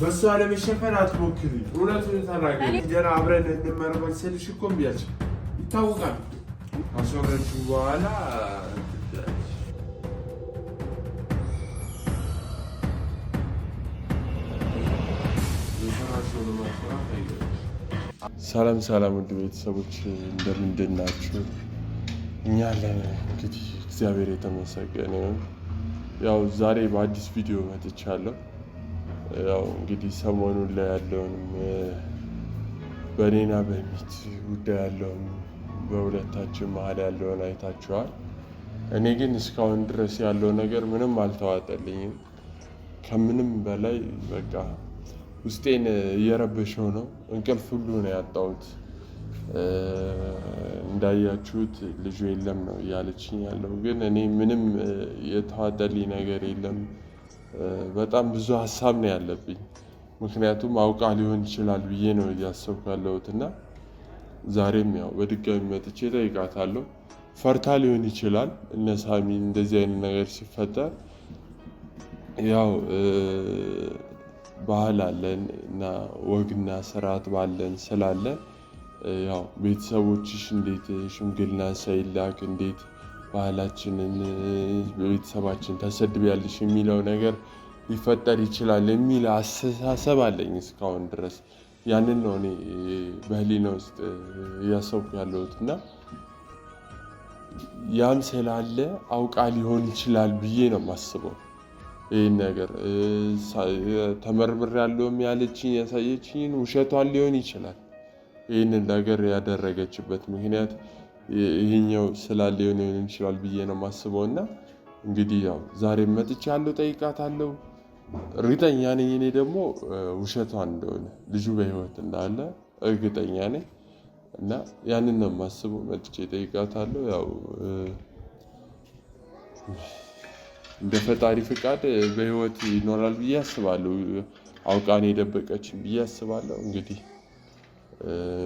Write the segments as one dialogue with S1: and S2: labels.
S1: በእሷ ለመሸፈን አትሞክሪ። እውነቱን ተናገሪ። ገና አብረን እንመረመር ስልሽ እኮ እምቢ አልሽኝ። ይታወቃል። አስወረድሽው በኋላ ሰላም ሰላም፣ ውድ ቤተሰቦች እንደምንድን ናችሁ? እኛ አለን እንግዲህ እግዚአብሔር የተመሰገነ። ያው ዛሬ በአዲስ ቪዲዮ መጥቻለሁ። ያው እንግዲህ ሰሞኑን ላይ ያለውንም በእኔና በሚት ጉዳይ ያለውን በሁለታችን መሀል ያለውን አይታችኋል። እኔ ግን እስካሁን ድረስ ያለው ነገር ምንም አልተዋጠልኝም። ከምንም በላይ በቃ ውስጤን እየረበሸው ነው። እንቅልፍ ሁሉ ነው ያጣሁት። እንዳያችሁት ልጁ የለም ነው እያለችኝ ያለው፣ ግን እኔ ምንም የተዋጠልኝ ነገር የለም። በጣም ብዙ ሀሳብ ነው ያለብኝ። ምክንያቱም አውቃ ሊሆን ይችላል ብዬ ነው እያሰብኩ ያለሁት እና ዛሬም ያው በድጋሚ መጥቼ ጠይቃታለሁ። ፈርታ ሊሆን ይችላል እነ ሳሚ እንደዚህ አይነት ነገር ሲፈጠር ያው ባህል አለን እና ወግና ስርዓት ባለን ስላለን ያው ቤተሰቦችሽ እንዴት ሽምግልና ሳይላክ እንዴት ባህላችንን በቤተሰባችን ታሰድቢያለሽ የሚለው ነገር ሊፈጠር ይችላል የሚል አስተሳሰብ አለኝ እስካሁን ድረስ። ያንን ነው እኔ በህሊና ውስጥ እያሰብኩ ያለሁት እና ያም ስላለ አውቃ ሊሆን ይችላል ብዬ ነው የማስበው። ይህን ነገር ተመርምር ያለውም ያለችኝ ያሳየችኝን ውሸቷን ሊሆን ይችላል። ይህንን ነገር ያደረገችበት ምክንያት ይህኛው ስላለ የሆነ ሊሆን ይችላል ብዬ ነው የማስበው። እና እንግዲህ ያው ዛሬም መጥቼ ያለው ጠይቃታለሁ። እርግጠኛ ነኝ እኔ ደግሞ ውሸቷ እንደሆነ ልጁ በህይወት እንዳለ እርግጠኛ ነኝ። እና ያንን ነው የማስበው። መጥቼ ጠይቃታለሁ። ያው እንደ ፈጣሪ ፍቃድ በህይወት ይኖራል ብዬ አስባለሁ። አውቃን የደበቀችን ብዬ አስባለሁ። እንግዲህ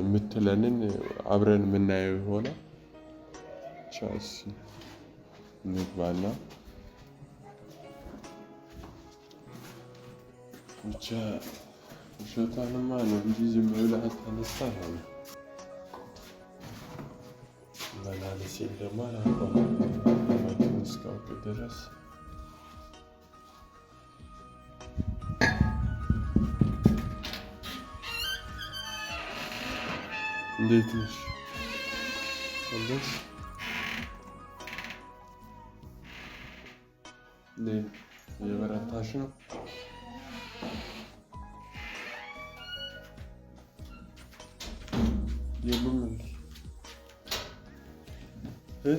S1: የምትለንን አብረን የምናየው ይሆናል። Chelsea. Nirvana. Hoca, hoca hatanım var mı? Bizim öyle hatanız var mı? Bunlar ne sevdiğim var ama. Bakınız kalk ederiz. Değilmiş. Anladın Lì, devi avere il fascino. Diyebilmiyoruz. He?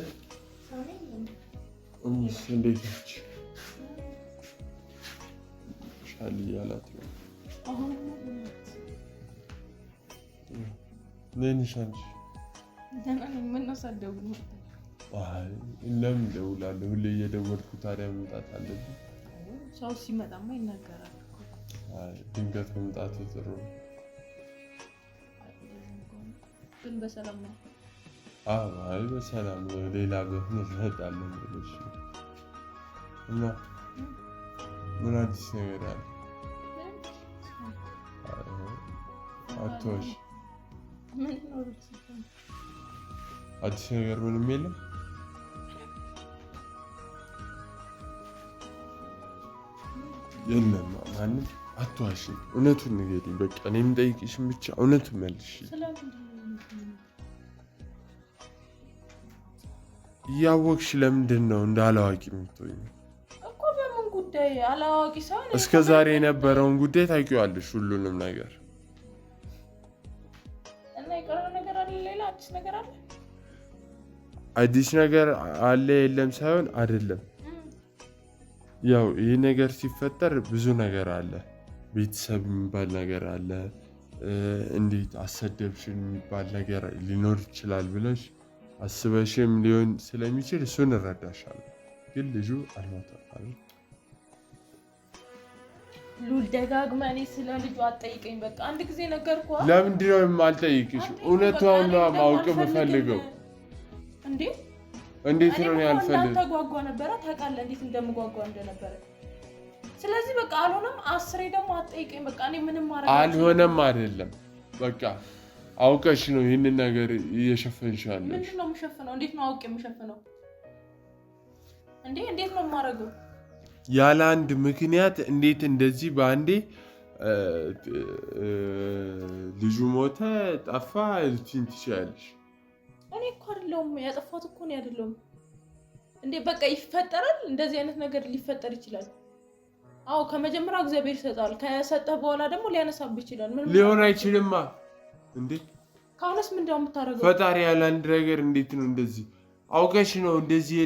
S1: Söyleyeyim. Onun üstüne bekliyoruz. Şerliyi hala atıyor. Aha, Ne nişancı?
S2: Ben anamın nasıl adı
S1: ለምን እደውላለሁ? ሁሌ እየደወልኩ ታዲያ መምጣት አለብኝ።
S2: ሰው ሲመጣማ ይናገራል።
S1: ድንገት መምጣት ጥሩ ነው።
S2: ግን በሰላም ነው?
S1: አይ በሰላም ነው። ሌላ ቤት ብለሽ እና ምን አዲስ ነገር አለ? አትዋሽ። አዲስ ነገር ምንም የለም። የለማ ማንም አትዋሽ፣ እውነቱን ንገሪ። በቃ እኔ የምጠይቅሽን ብቻ እውነቱን መልሽ። እያወቅሽ ለምንድን ነው እንደ አላዋቂ የምትሆኝ? እስከ ዛሬ የነበረውን ጉዳይ ታውቂዋለሽ፣ ሁሉንም ነገር አዲስ ነገር አለ የለም ሳይሆን አይደለም ያው ይህ ነገር ሲፈጠር ብዙ ነገር አለ። ቤተሰብ የሚባል ነገር አለ። እንዴት አሰደብሽን የሚባል ነገር ሊኖር ይችላል ብለሽ አስበሽም ሊሆን ስለሚችል እሱን እረዳሻለሁ። ግን ልጁ አልማተባለ
S2: ሉል ደጋግመህ እኔ ስለ ልጁ በቃ አንድ ጊዜ ነገርኩህ።
S1: ለምንድን ነው የማልጠይቅሽ? እውነቷን ማወቅ የምፈልገው እንዴ እንዴት ነው ያልፈልግ
S2: ተጓጓ ነበረ ታውቃለህ፣ እንዴት እንደምጓጓ እንደነበረ። ስለዚህ በቃ አልሆነም። አስሬ ደግሞ አጠይቀኝ። በቃ እኔ ምንም ማድረግ
S1: አልሆነም። አይደለም በቃ አውቀሽ ነው ይህንን ነገር እየሸፈንሻለሁ።
S2: ምንድን ነው የምሸፍነው? እንዴት ነው አውቄ የምሸፍነው? እንዴ እንዴት ነው የማደርገው?
S1: ያለ አንድ ምክንያት እንዴት እንደዚህ በአንዴ ልጁ ሞተ ጠፋ ልትይኝ ትችያለሽ?
S2: እኔ አይደለሁም ያጠፋሁት እኮ ነው አይደለሁም እንዴ በቃ ይፈጠራል። እንደዚህ አይነት ነገር ሊፈጠር ይችላል። አዎ ከመጀመሪያው እግዚአብሔር ይሰጣል። ከሰጠ በኋላ ደግሞ ሊያነሳብ ይችላል።
S1: ሊሆን አይችልማ እንዴ
S2: ከአሁንስ ምንድነው የምታደርገው?
S1: ፈጣሪ ያለ አንድ ነገር እንዴት ነው እንደዚህ አውቀሽ ነው እንደዚህ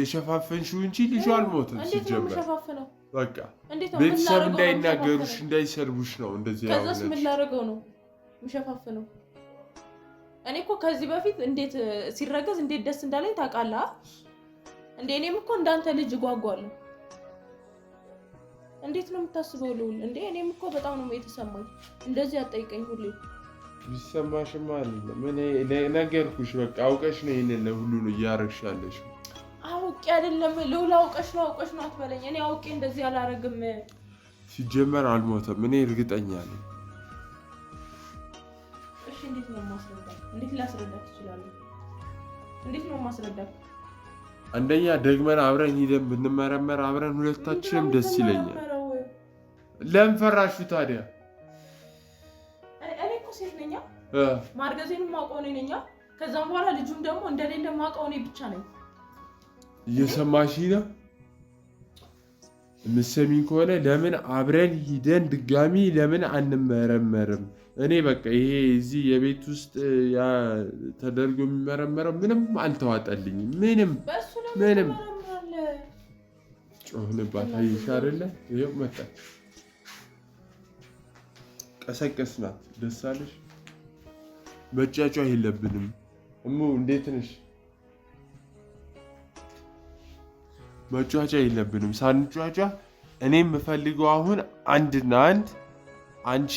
S1: የሸፋፈንሽው እንጂ ልጁ አልሞትም። ሲጀመር በቃ ቤተሰብ እንዳይናገሩሽ እንዳይሰርቡሽ ነው እንደዚህ።
S2: ከዛስ ምን ላደርገው ነው የምሸፋፍነው? እኔ እኮ ከዚህ በፊት እንዴት ሲረገዝ እንዴት ደስ እንዳለኝ ታውቃለህ። እንዴ እኔም እኮ እንዳንተ ልጅ እጓጓለሁ። እንዴት ነው የምታስበው ልውል? እንዴ እኔም እኮ በጣም ነው የተሰማኝ። እንደዚህ አጠይቀኝ ሁሌ
S1: ቢሰማሽማ ምን ነገርኩሽ። በቃ አውቀሽ ነው ይህንን ሁሉን ነው እያደረግሽ ያለሽ።
S2: አውቄ አይደለም ልውል፣ አውቀሽ ነው አውቀሽ ነው አትበለኝ። እኔ አውቄ እንደዚህ አላረግም።
S1: ሲጀመር አልሞተም። እኔ እርግጠኛ ነኝ
S2: እንዴት ነው ማስረዳት? እንዴት ላስረዳት እችላለሁ? እንዴት ነው ማስረዳት?
S1: አንደኛ ደግመን አብረን ሂደን ብንመረመር አብረን ሁለታችንም ደስ ይለኛል። ለምን ፈራሹ ታዲያ?
S2: እኔ እኮ ሴት ነኝ። ማርገዜንም ማውቀው ነኛ ነኝ። ከዛም በኋላ ልጁም ደግሞ እንደሌለ ማውቀው እኔ ብቻ ነኝ።
S1: እየሰማሽ ነው? የምትሰሚኝ ከሆነ ለምን አብረን ሂደን ድጋሚ ለምን አንመረመርም? እኔ በቃ ይሄ እዚህ የቤት ውስጥ ተደርጎ የሚመረመረው ምንም አልተዋጠልኝም። ምንም ምንም ጮህንባት አይሻ አይደለ ይኸው መጣች። ቀሰቀስናት። ደስ አለሽ? መጫጫህ የለብንም። እሙ እንዴት ነሽ? መጫጫ የለብንም። ሳንጫጫ እኔ የምፈልገው አሁን አንድና አንድ አንቺ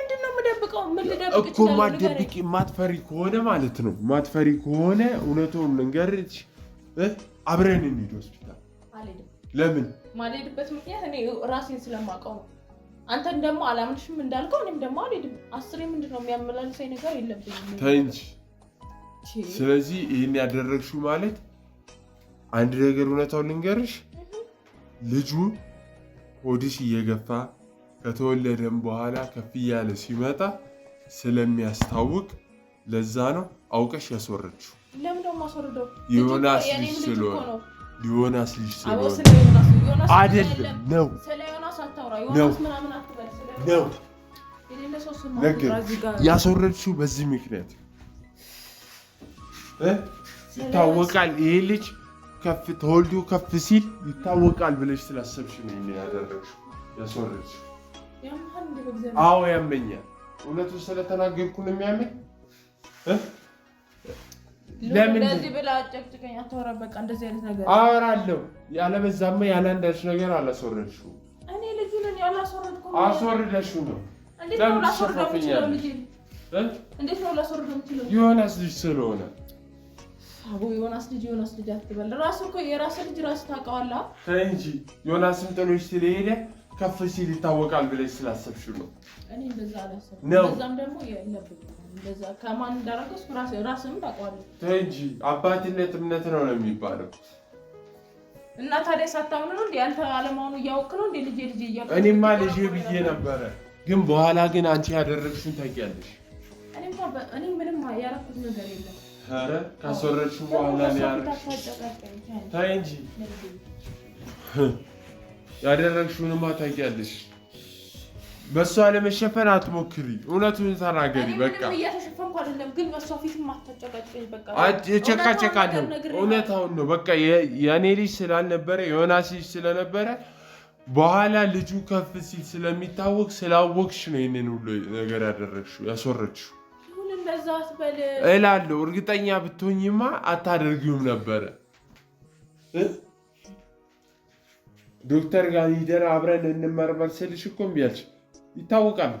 S2: እኮ
S1: ማደብቅ ማትፈሪ ከሆነ ማለት ነው። ማትፈሪ ከሆነ እውነቱን ልንገርሽ፣ አብረን እንሂድ ሆስፒታል። ለምን
S2: ማልሄድበት ምክንያት እኔ ራሴን ስለማውቀው ነው። አንተን ደግሞ አላምንሽም እንዳልከው እኔም ደግሞ አልሄድም። አስሬ ምንድን ነው የሚያመላልሰኝ ነገር የለብኝም።
S1: ተይ እንጂ። ስለዚህ ይህን ያደረግሽው ማለት አንድ ነገር እውነታውን ልንገርሽ፣ ልጁ ሆድሽ እየገፋ ከተወለደም በኋላ ከፍ እያለ ሲመጣ ስለሚያስታውቅ ለዛ ነው አውቀሽ ያስወረድሽው። ዮናስ ልጅ ስለሆነ ዮናስ ልጅ ስለሆነ አይደለም ነው ነው ያስወረድሽው በዚህ ምክንያት ይታወቃል። ይሄ ልጅ ከፍ ተወልዶ ከፍ ሲል ይታወቃል ብለሽ ስላሰብሽ ነው ያደረግሽው ያስወረድሽው። አዎ ያመኛል። እውነቱን ስለተናገርኩ ነው የሚያመኝ። ለምን አወራለሁ? ያለበዛማ ያለ አንዳች ነገር አላስወረድሽውም። አስወርደሽው ነው ዮናስ ልጅ ስለሆነ
S2: አቦ ዮናስ ልጅ ዮናስ ልጅ አትበል። ራሱ እኮ የራስ ልጅ ራሱ ታውቀዋለህ
S1: እንጂ ዮናስም ጥሎሽ ስለሄደ ከፍ ሲል ይታወቃል ብለሽ ስላሰብሽ ነው ነው። እንጂ አባትነት እምነት ነው ነው የሚባለው።
S2: እና ታዲያ ሳታምኑ ነው ያንተ አለማኑ እያወቅ ነው እንዴ? ልጄ ልጄ እያልኩ
S1: እኔማ ልጄ ብዬ ነበረ፣ ግን በኋላ ግን አንቺ ያደረግሽን ታውቂያለሽ።
S2: እኔ ምንም ያረኩት ነገር የለም።
S1: ኧረ ካስወረድሽው በኋላ ነው ያደረግሽው። ተይ እንጂ ያደረግሽውንማ ታውቂያለሽ። በእሷ ለመሸፈን አትሞክሪ። እውነቱን ተናገሪ።
S2: በቃ እየተሸፈንኩ አይደለም፣ ግን በእሷ ፊትም በቃ
S1: እጨቃጨቃለሁ። እውነታውን ነው። በቃ የእኔ ልጅ ስላልነበረ የዮናስ ልጅ ስለነበረ በኋላ ልጁ ከፍ ሲል ስለሚታወቅ ስላወቅሽ ነው ይህንን ሁሉ ነገር ያደረግሽው ያስወረድሽው እላለሁ። እርግጠኛ ብትሆኝማ አታደርጊውም ነበረ። ዶክተር ጋር ሂደን አብረን እንመርመር ስልሽ እኮ እምቢ አልሽ። ይታወቃል።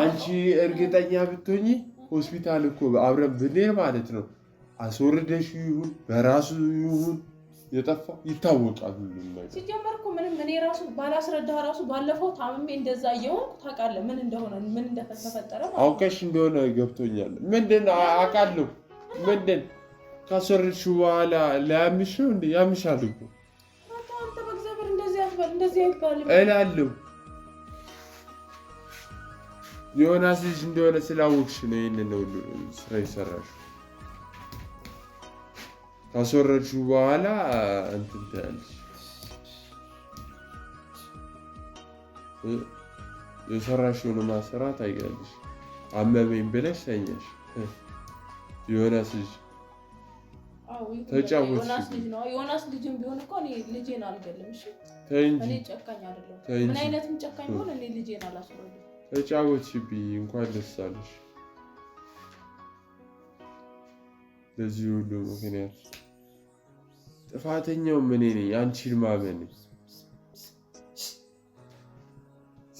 S1: አንቺ እርግጠኛ ብትሆኚ ሆስፒታል እኮ አብረን ብንሄድ ማለት ነው አስወርደሽ ይሁን በራሱ ይሁን የጠፋ ይታወቃል።
S2: ሲጀመር እኮ ምንም እኔ ራሱ ባላስረዳ ራሱ ባለፈው ታምሜ እንደዛ እየሆንኩ ታውቃለህ፣ ምን እንደሆነ ምን እንደተፈጠረ
S1: አውቀሽ እንደሆነ ገብቶኛል። ምንድን አውቃለሁ ምንድን ካሰረች በኋላ ላያምሽው እንደ ያምሻል እኮ እላለሁ። ዮናስ ልጅ እንደሆነ ስላወቅሽ ነው ይህንን ሁሉ ስራ ይሰራሽ። ካሰረች በኋላ እንትን ትያለሽ። የሰራሽውን ማሰራት አይገለሽ። አመመኝ ብለሽ ተኛሽ ዮናስ ልጅ ተጫወትሽ
S2: ዮናስ ልጅም ቢሆን እኮ እኔ ልጄን አልገልም። እሺ እኔ ጨካኝ አይደለም። ምን አይነትም ጨካኝ እኔ ልጄን
S1: ተጫወትሽብኝ። እንኳን ደስ አለሽ። ለዚህ ሁሉ ምክንያት ጥፋተኛውም እኔ ነኝ። አንቺን ማመን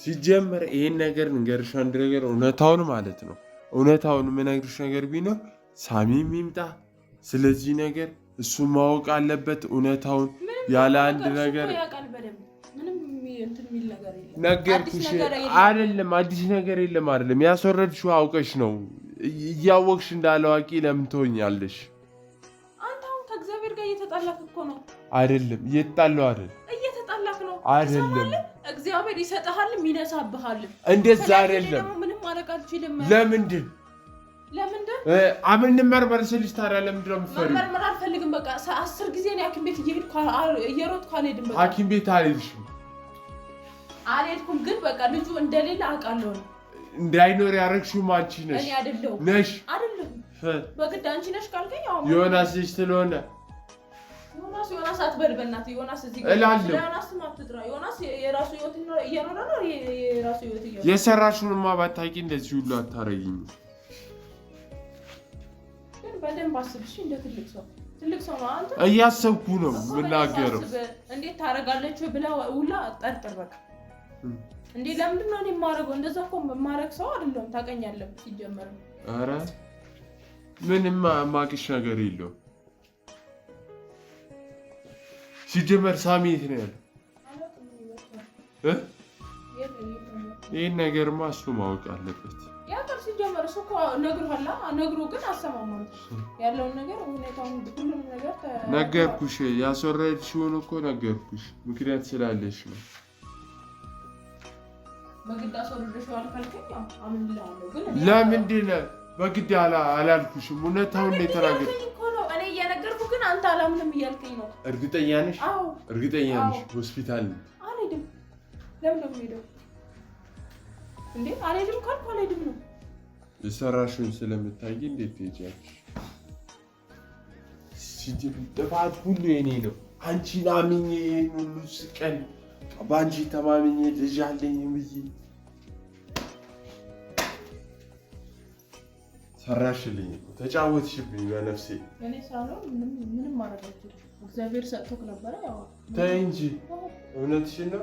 S1: ሲጀመር ይሄን ነገር ንገርሽ፣ አንድ ነገር እውነታውን ማለት ነው እውነታውን የምነግርሽ ነገር ቢኖር ሳሚም ይምጣ ስለዚህ ነገር እሱ ማወቅ አለበት እውነታውን። ያለ አንድ ነገር ነገርኩሽ አይደለም፣ አዲስ ነገር የለም አይደለም። ያስወረድሽው አውቀሽ ነው። እያወቅሽ እንዳለ አዋቂ ለምን ትሆኛለሽ? ከእግዚአብሔር አይደለም እየተጣላሁ አይደል?
S2: እየተጣላክ ነው አይደለም? እግዚአብሔር ይሰጥሃልም ይነሳብሃልም።
S1: እንደዛ አይደለም።
S2: ምንም ማድረግ አልችልም።
S1: ለምንድን አምን እንመርመር ስልሽ ታዲያ ለምንድን ነው የምትፈሪው?
S2: መመርመር አልፈልግም። በቃ አስር ጊዜ ነው ሐኪም ቤት እየሄድኩ እየሮጥኩ አልሄድም። በቃ
S1: ሐኪም ቤት አልሄድሽም
S2: አልሄድኩም፣ ግን በቃ ልጁ እንደሌለ አውቃለሁ።
S1: እንዳይኖር ያደረግሽውም አንቺ ነሽ። እኔ ነሽ
S2: አይደለሁም። በግድ አንቺ ነሽ ካልከኝ አሁን
S1: ዮናስ ልጅ ስለሆነ
S2: ዮናስ ዮናስ ዮናስ እዚህ ጋር ዮናስ የራሱ ህይወት ነው። የራሱ
S1: ህይወት ባታውቂ እንደዚህ ሁሉ አታረጊኝም።
S2: በደንብ አስብሽ። እንደ ትልቅ ሰው ትልቅ ሰው ነው አንተ።
S1: እያሰብኩ ነው የምናገረው።
S2: እንዴት ታደርጋለች ብላ ውላ ጠርጥር። በቃ እንዴ ለምንድን ነው እኔ የማደርገው? እንደዛ እኮ የማደርግ ሰው አይደለሁም። ታውቀኛለህ ሲጀመር።
S1: ኧረ ምንም የማውቅሽ ነገር የለውም። ሲጀመር ሳሚ የት ነው ያለው? ይህን ነገርማ እሱ ማወቅ አለበት።
S2: ነግሩ ነግሮሃል። ነግሮ ግን አሰማማ ያለውን ነገር ሁኔታውን ሁሉንም ነገር
S1: ነገርኩሽ። ያስወረድሽውን እኮ ነገርኩሽ። ምክንያት ስላለሽ ነው።
S2: በግድ አስወርደሽዋል በግድ
S1: አላልኩሽም። እውነታውን
S2: ነው እኔ እየነገርኩህ፣ ግን አንተ አላምንም እያልከኝ ነው።
S1: እርግጠኛ ነሽ? እርግጠኛ ነሽ? ሆስፒታል ነው
S2: አልሄድም። ለምን ነው የምሄደው? እንዴ አልሄድም ካልኩ አልሄድም ነው
S1: የሰራሽውን ስለምታይ እንዴት ትሄጃለሽ? ጥፋት ሁሉ የኔ ነው። አንቺን አምኜ ይህን ሁሉ ስቀን በአንቺ ተማምኜ ልጅ አለኝ ብዬ ሰራሽልኝ፣ ተጫወትሽብኝ በነፍሴ።
S2: ምንም እግዚአብሔር ሰጥቶክ ነበረ።
S1: ተይ እንጂ እውነትሽን ነው።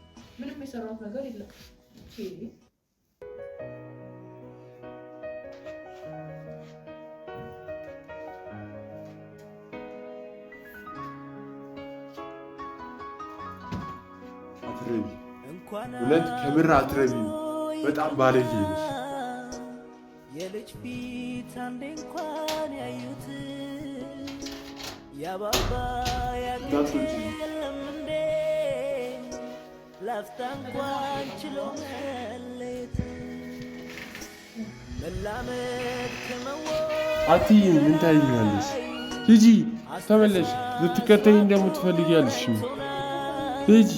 S2: ምንም የሰራሁት ነገር የለም።
S1: ሁለት ከምር አትረቢ። በጣም ባለጌ ነሽ። የልጅ ፊት አንዴ እንኳን ያዩት የአባባ ያገ ላፍታ እንኳን ችሎ መለየት መላመድ ከመወ- ምን ታይኛለሽ? ሂጂ ተመለሽ። ልትከተኝ ሂጂ